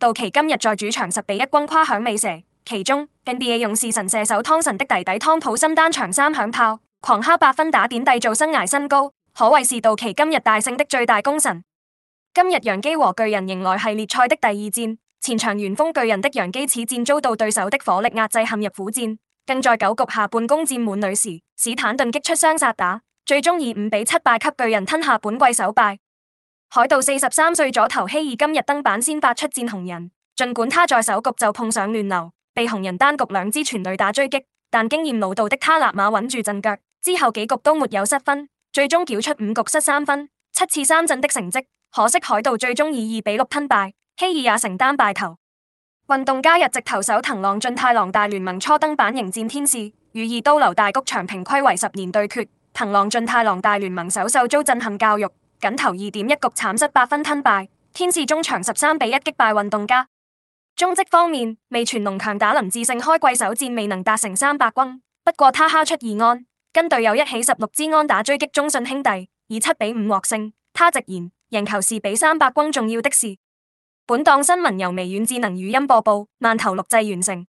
道奇今日在主場十比一轟垮響尾蛇，其中 NBA 勇士神射手湯神的弟弟湯普森單場三響炮，狂敲八分打點締造生涯新高，可謂是道奇今日大勝的最大功臣。今日洋基和巨人迎來系列賽的第二戰，前場元鋒巨人的洋基此戰遭到對手的火力壓制，陷入苦戰，更在九局下半攻占滿壘時，史坦頓擊出雙殺打，最終以五比七敗給巨人，吞下本季首敗。海盜四十三歲左投希爾今日登板先發出戰紅人，儘管他在首局就碰上亂流，被紅人單局兩支全壘打追擊，但經驗老道的他立馬穩住陣腳，之後幾局都沒有失分，最終繳出五局失三分、七次三振的成績。可惜海盜最終以二比六吞敗，希爾也承擔敗投。運動家日籍投手藤浪晉太郎大聯盟初登板迎戰天使，與二刀流大谷翔平歸為十年對決，藤浪晉太郎大聯盟首秀遭震撼教育。僅投二點一局，慘失八分吞敗。天使中場十三比一擊敗運動家。中職方面，味全龍強打林智勝開季首戰未能達成三百轟，不過他敲出二安，跟隊友一起十六支安打追擊中信兄弟，以七比五獲勝。他直言贏球是比三百轟重要的事。本檔新聞由微軟智能語音播報，慢投錄製完成。